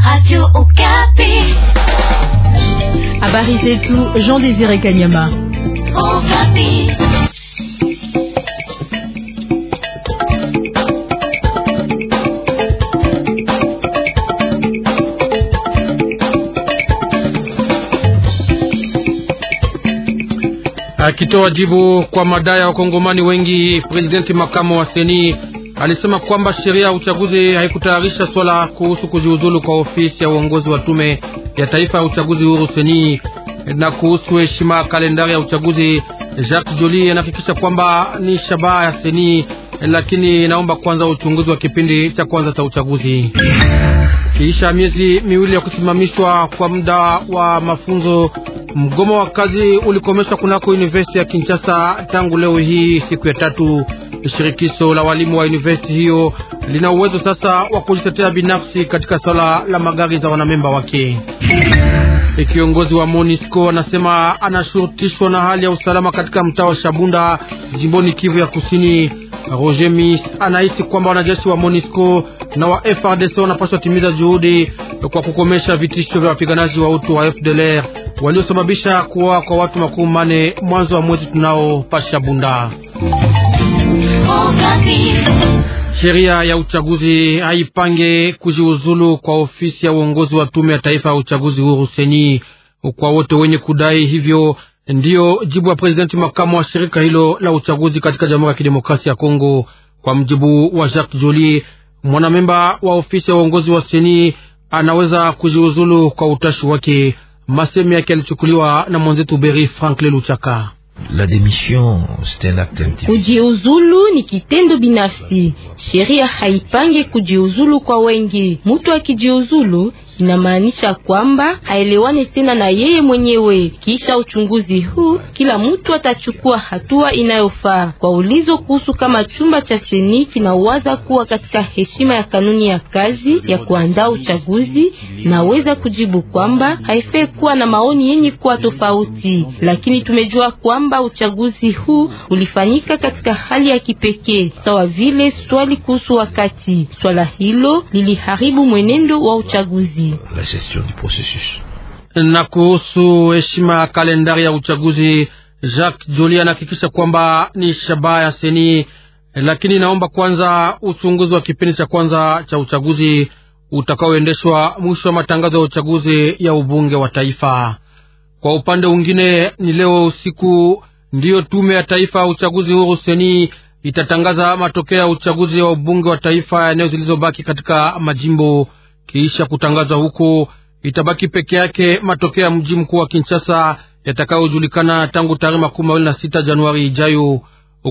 Radio Okapi. Habari tout, Jean Désiré Kanyama. Okapi. Akitoa jibu kwa madai ya wakongomani wengi, presidenti makamu wa seni alisema kwamba sheria ya uchaguzi haikutayarisha swala kuhusu kujiuzulu kwa ofisi ya uongozi wa tume ya taifa ya uchaguzi huru seni na kuhusu heshima kalendari ya uchaguzi. Jacques joli anahakikisha kwamba ni shabaha ya seni, lakini inaomba kwanza uchunguzi wa kipindi cha kwanza cha uchaguzi. kiisha miezi miwili ya kusimamishwa kwa muda wa mafunzo, mgomo wa kazi ulikomeshwa kunako University ya Kinshasa tangu leo hii siku ya tatu. Shirikisho la walimu wa university hiyo lina uwezo sasa wa kujitetea binafsi katika swala la magari za wanamemba wake. E, kiongozi wa Monisco anasema anashurutishwa na hali ya usalama katika mtaa wa Shabunda jimboni Kivu ya Kusini. Roger Mis anahisi kwamba wanajeshi wa Monisco na wa FRDC wanapaswa timiza juhudi kwa kukomesha vitisho vya wapiganaji wa utu wa FDLR waliosababisha kuwa kwa watu makumi mane mwanzo wa mwezi tunao pa Shabunda. Sheria ya uchaguzi haipange kujiuzulu kwa ofisi ya uongozi wa tume ya taifa ya uchaguzi huru seni kwa wote wenye kudai hivyo. Ndiyo jibu ya prezidenti makamu wa shirika hilo la uchaguzi katika Jamhuri ya Kidemokrasia ya Kongo, kwa mjibu wa Jacques Joly, mwanamemba wa ofisi ya uongozi wa seni anaweza kujiuzulu kwa utashi wake. Masemi yake yalichukuliwa na mwenzetu Beri Franklin Luchaka. La demission, c'est un acte intime. Kujiuzulu ni kitendo binafsi, sheria haipange kujiuzulu kwa wengi. Mtu akijiuzulu inamaanisha kwamba haelewani tena na yeye mwenyewe. Kisha uchunguzi huu, kila mtu atachukua hatua inayofaa. Kwa ulizo kuhusu kama chumba cha seni kinawaza kuwa katika heshima ya kanuni ya kazi ya kuandaa uchaguzi, naweza kujibu kwamba haifai kuwa na maoni yenye kuwa tofauti, lakini tumejua kwamba uchaguzi huu ulifanyika katika hali ya kipekee, sawa vile swali kuhusu wakati. Swala hilo liliharibu mwenendo wa uchaguzi la gestion du processus. Na kuhusu heshima ya kalendari ya uchaguzi, Jacques joli anahakikisha kwamba ni shabaha ya seni, lakini naomba kwanza uchunguzi wa kipindi cha kwanza cha uchaguzi utakaoendeshwa mwisho wa matangazo ya uchaguzi ya ubunge wa taifa. Kwa upande mwingine, ni leo usiku ndiyo tume ya taifa ya uchaguzi huru seni itatangaza matokeo ya uchaguzi wa ubunge wa taifa eneo zilizobaki katika majimbo kisha kutangazwa huko, itabaki peke yake matokeo ya mji mkuu wa Kinshasa yatakayojulikana tangu tarehe makumi mawili na sita Januari ijayo.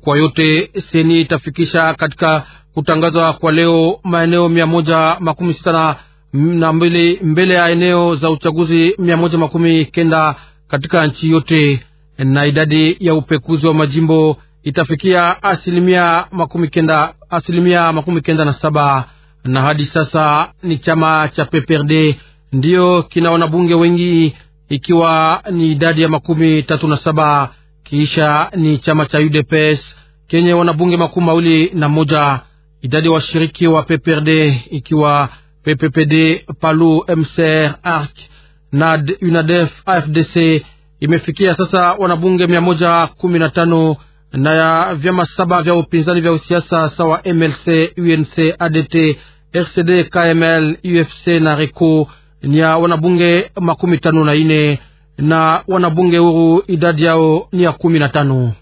Kwa yote seni itafikisha katika kutangazwa kwa leo maeneo mia moja makumi sita na mbili mbele ya eneo za uchaguzi mia moja makumi kenda katika nchi yote, na idadi ya upekuzi wa majimbo itafikia asilimia makumi kenda, asilimia makumi kenda na saba na hadi sasa ni chama cha PPRD ndiyo kina wanabunge wengi, ikiwa ni idadi ya makumi tatu na saba. Kisha ni chama cha UDPS kenye wanabunge makumi mawili na moja. Idadi ya washiriki wa PPRD ikiwa PPPD, PALU, MCR, ARC, NAD, UNADEF, AFDC imefikia sasa wanabunge mia moja kumi na tano na ya vyama saba vya upinzani vya usiasa sawa MLC, UNC, ADT RCD, KML, UFC na RECO ni ya wanabunge makumi tano na ine na wanabunge huru idadi yao ni ya kumi na tano.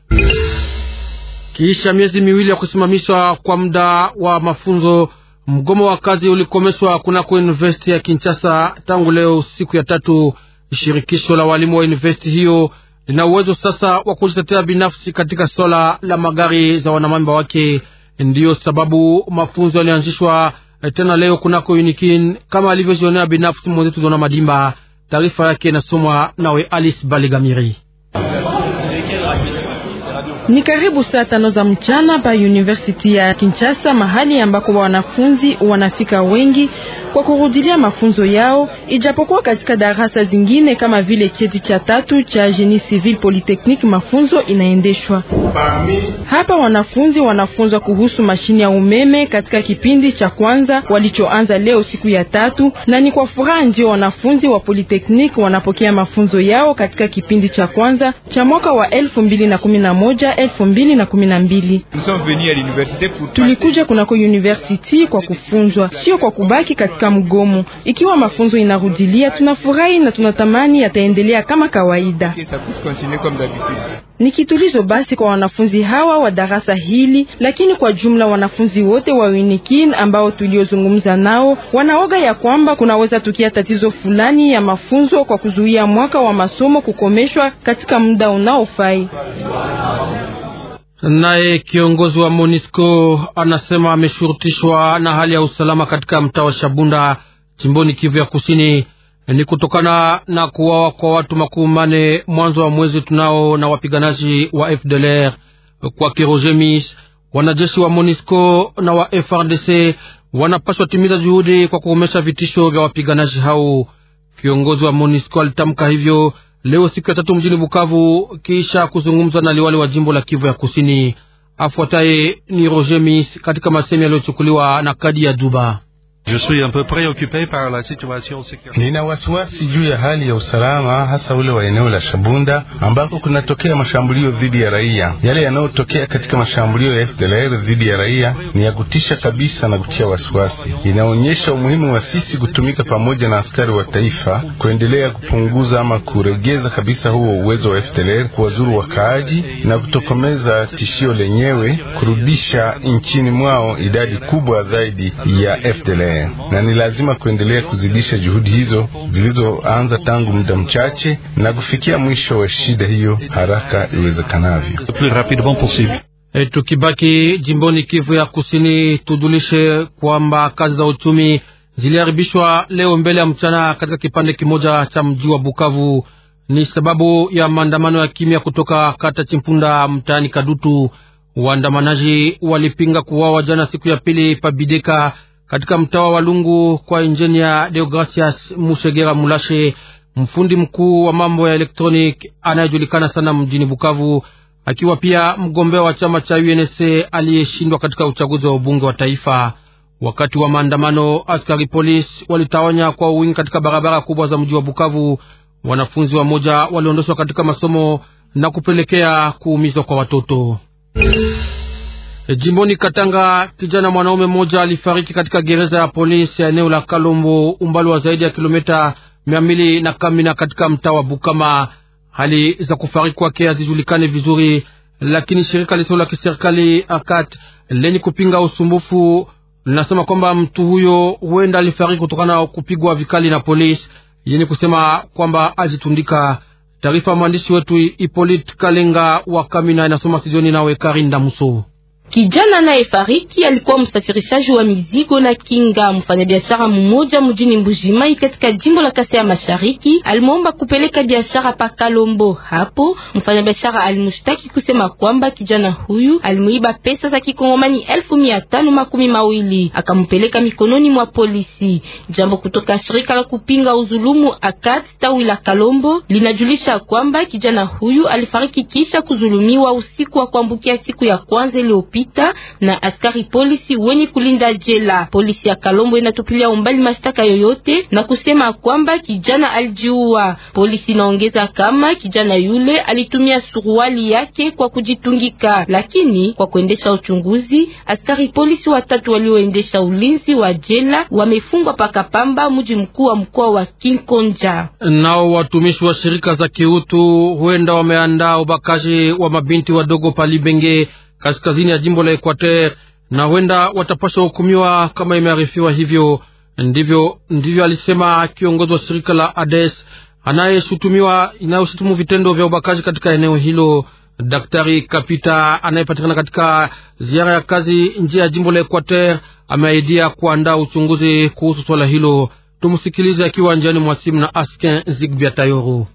Kisha miezi miwili ya kusimamishwa kwa muda wa mafunzo, mgomo wa kazi ulikomeshwa kunako university ya Kinshasa tangu leo siku ya tatu. Shirikisho la walimu wa university hiyo lina uwezo sasa wa kujitetea binafsi katika swala la magari za wanamamba wake. Ndiyo sababu mafunzo yalianzishwa tena leo kunako UNIKIN kama alivyojionea binafsi mwenzetu Dona Madimba. Taarifa yake inasomwa nawe Alice Baligamiri. Ni karibu saa tano za mchana pa University ya Kinshasa, mahali ambako wanafunzi wanafika wengi kwa kurudilia mafunzo yao, ijapokuwa katika darasa zingine kama vile cheti cha tatu cha Génie Civil Polytechnique mafunzo inaendeshwa hapa. Wanafunzi wanafunzwa kuhusu mashini ya umeme katika kipindi cha kwanza walichoanza leo siku ya tatu, na ni kwa furaha ndio wanafunzi wa Polytechnique wanapokea mafunzo yao katika kipindi cha kwanza cha mwaka wa 2011 2012. Tulikuja kunako university kwa kufunzwa, sio kwa kubaki katika katika mgomo. Ikiwa mafunzo inarudilia, tunafurahi na tunatamani yataendelea kama kawaida. Ni kitulizo basi kwa wanafunzi hawa wa darasa hili, lakini kwa jumla wanafunzi wote wa Winikin ambao tuliozungumza nao wanaoga ya kwamba kunaweza tukia tatizo fulani ya mafunzo kwa kuzuia mwaka wa masomo kukomeshwa katika muda unaofai. Naye kiongozi wa MONISCO anasema ameshurutishwa na hali ya usalama katika mtaa wa Shabunda jimboni Kivu ya Kusini. Ni kutokana na kuwawa kwa watu makumi mane mwanzo wa mwezi tunao na wapiganaji wa FDLR kwa Kirojemis. Wanajeshi wa MONISCO na wa FRDC wanapaswa timiza juhudi kwa kuomesha vitisho vya wapiganaji hao. Kiongozi wa MONISCO alitamka hivyo leo siku ya tatu mjini Bukavu kisha kuzungumza na liwali wa jimbo la Kivu ya Kusini. Afuataye ni Roger Mis katika masemi yaliyochukuliwa na kadi ya Juba. Nina wasiwasi juu ya hali ya usalama hasa ule wa eneo la Shabunda ambako kunatokea mashambulio dhidi ya raia. Yale yanayotokea katika mashambulio ya FDLR dhidi ya raia ni ya kutisha kabisa na kutia wasiwasi. Inaonyesha umuhimu wa sisi kutumika pamoja na askari wa taifa kuendelea kupunguza ama kuregeza kabisa huo uwezo wa FDLR kuwazuru wakaaji na kutokomeza tishio lenyewe, kurudisha nchini mwao idadi kubwa zaidi ya FDLR. Guinea, na ni lazima kuendelea kuzidisha juhudi hizo zilizoanza tangu muda mchache na kufikia mwisho wa shida hiyo haraka iwezekanavyo. E, tukibaki jimboni Kivu ya Kusini, tujulishe kwamba kazi za uchumi ziliharibishwa leo mbele ya mchana katika kipande kimoja cha mji wa Bukavu. Ni sababu ya maandamano ya kimya kutoka kata Chimpunda mtaani Kadutu. Waandamanaji walipinga kuwawa jana siku ya pili pabideka katika mtawa wa Lungu kwa injinia Deogracias Mushegera Mulashe, mfundi mkuu wa mambo ya elektronik anayejulikana sana mjini Bukavu, akiwa pia mgombea wa chama cha UNC aliyeshindwa katika uchaguzi wa ubunge wa taifa. Wakati wa maandamano, askari polisi walitawanya kwa wingi katika barabara kubwa za mji wa Bukavu. Wanafunzi wa moja waliondoshwa katika masomo na kupelekea kuumizwa kwa watoto. E, jimboni Katanga, kijana mwanaume mmoja alifariki katika gereza ya polisi ya eneo la Kalombo, umbali wa zaidi ya kilomita mia mbili na Kamina katika mtaa wa Bukama. Hali za kufariki kwake hazijulikani vizuri, lakini shirika lisilo la kiserikali akat lenye kupinga usumbufu linasema kwamba mtu huyo huenda alifariki kutokana na kupigwa vikali na polisi yenye kusema kwamba azitundika. Taarifa ya mwandishi wetu Ipolit Kalenga wa Kamina inasoma Sidioni nawe Karinda Musou. Kijana anayefariki alikuwa msafirishaji wa mizigo na kinga. Mfanyabiashara mmoja mjini Mbujimai katika jimbo la Kasai ya Mashariki alimwomba kupeleka biashara pa Kalombo. Hapo mfanyabiashara alimshtaki kusema kwamba kijana huyu alimuiba pesa za kikongomani elfu mia tano makumi mawili akampeleka mikononi mwa polisi. Jambo kutoka shirika la kupinga uzulumu akat tawi la Kalombo linajulisha kwamba kijana huyu alifariki kisha kuzulumiwa usiku wa kuambukia siku ya kwanza iliyopita vita na askari polisi wenye kulinda jela. Polisi ya Kalombo inatupilia umbali mashtaka yoyote na kusema kwamba kijana alijiua. Polisi inaongeza kama kijana yule alitumia suruali yake kwa kujitungika, lakini kwa kuendesha uchunguzi, askari polisi watatu walioendesha ulinzi wa jela wamefungwa paka pamba mji mkuu wa mkoa wa Kinkonja. Nao watumishi wa shirika za kiutu huenda wameandaa ubakaji wa mabinti wadogo palibenge kaskazini ya jimbo la Equateur, na huenda watapaswa hukumiwa kama imearifiwa hivyo. Ndivyo, ndivyo alisema kiongozi wa shirika la ADES anayeshutumiwa inayoshutumu vitendo vya ubakaji katika eneo hilo. Daktari Kapita anayepatikana katika ziara ya kazi nje ya jimbo la Equateur ameahidia kuandaa uchunguzi kuhusu swala hilo. Tumsikilize akiwa njiani mwa simu na Askin Zigbia Tayoro.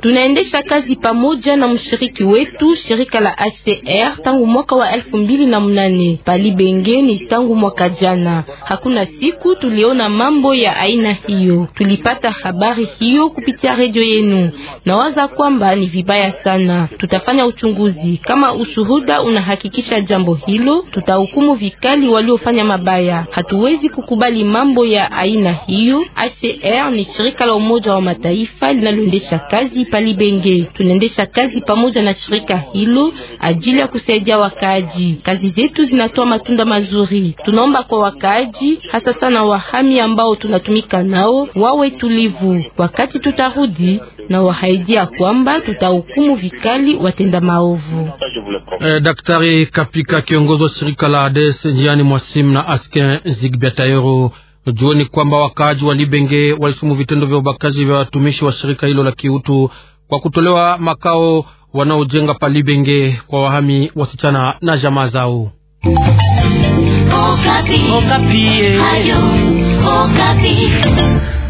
Tunaendesha kazi pamoja na mshiriki wetu shirika la HCR tangu mwaka wa elfu mbili na mnane palibengeni tangu mwaka jana. Hakuna siku tuliona mambo ya aina hiyo. Tulipata habari hiyo kupitia redio yenu. Nawaza kwamba ni vibaya sana. Tutafanya uchunguzi. Kama ushuhuda unahakikisha jambo hilo, tutahukumu vikali waliofanya mabaya. Hatuwezi kukubali mambo ya aina hiyo. ACR ni shirika la Umoja wa Mataifa linaloendesha kazi palibenge. Tunaendesha kazi pamoja na shirika hilo ajili ya kusaidia wakaaji. Kazi zetu zinatoa matunda mazuri. Tunaomba kwa wakaaji, hasa sana wahami ambao tunatumika nao, wawe tulivu wakati tutarudi na wahaidia kwamba tutahukumu vikali watenda maovu. Eh, Daktari Kapika, kiongozi wa shirika la ADES njiani mwasim na Askin Zigbiatayoro, jueni kwamba wakaaji wa Libenge walisumu vitendo vya ubakaji vya watumishi wa shirika hilo la kiutu kwa kutolewa makao wanaojenga pa Libenge kwa wahami wasichana na jamaa zao. Okapi. Okapi. Eh. Ayo. Okapi.